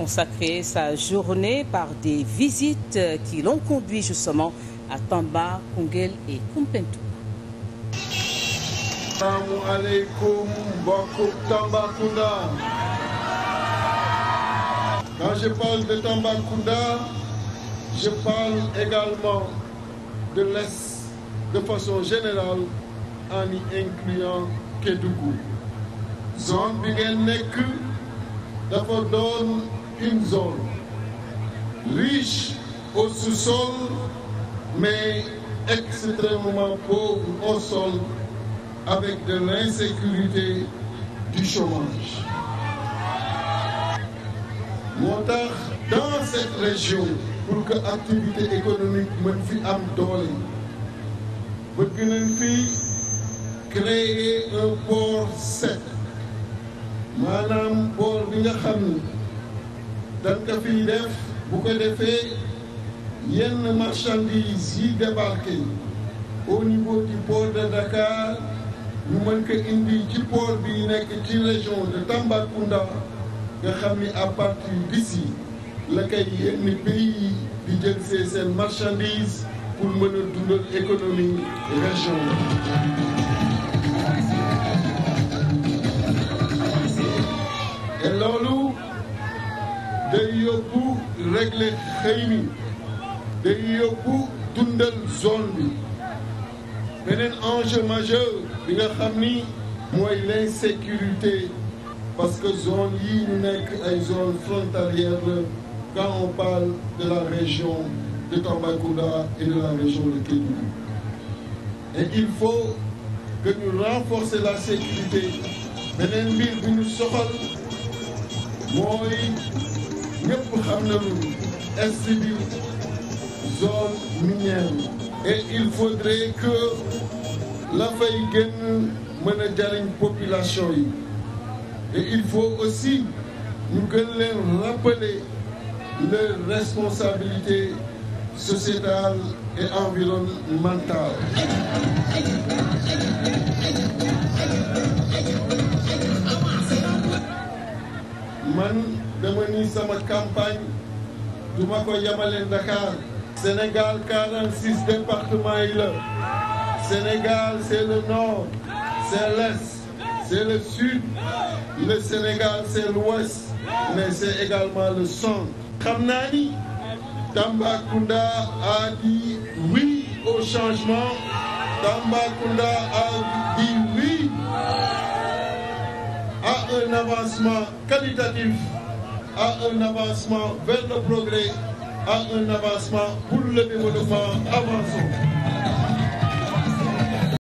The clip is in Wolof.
consacré sa journée par des visites euh, qui l'ont conduit justement à Tamba, Koungheul et Koumpentoum. Salaamaaleykum mbokk Tambacounda. Quand je parle de Tambacounda, je parle également de l'Est de façon générale en y incluant Kédougou. zone bi ngeen nekk dafa doon une zone riche au sous-sol, moo tax dans cette région pour que activité économique mën fi am doole bëgg nañ fi créer un port sec maanaam port bi nga xam dañ ko fiy def bu ko defee yenn marchandises yi débarqué au niveau du port de Dakar ñu mën ko indi ci port bi nekk ci région de Tambacounda nga xam ni à partir d'ici la koy yenn pays di jël see seen marchandise pour mën a dundal économie région bi loolu day yóbbu régler xëy mi day yóbbu dundal zone bi beneen enjeu majeur bi nga xam ni l'insécurité parce que zone yi ñu nekk ay zone frontalière la quand on parle de la région de Tambacounda et de la région de Kédougou et il faut que ñu renforcer la sécurité beneen mbir bu ñu soxal ñëpp xam nañu est bi zone minière et il faudrait que la fay génn mën a jariñ population yi et il faut aussi ñu gën leen rappeler leur responsabilité sociétale et environnementale man dama ni sama campagne du ma ko yemale Dakar Sénégal 46 départements la Sénégal c'est le nord c'est l'est c'est le sud le Sénégal c'est l'ouest mais c'est également le centre xam naa ni Tambacounda a dit oui au changement Tambacounda a dit oui un avancement qualitatif, à un avancement vers le progrès, à un avancement pour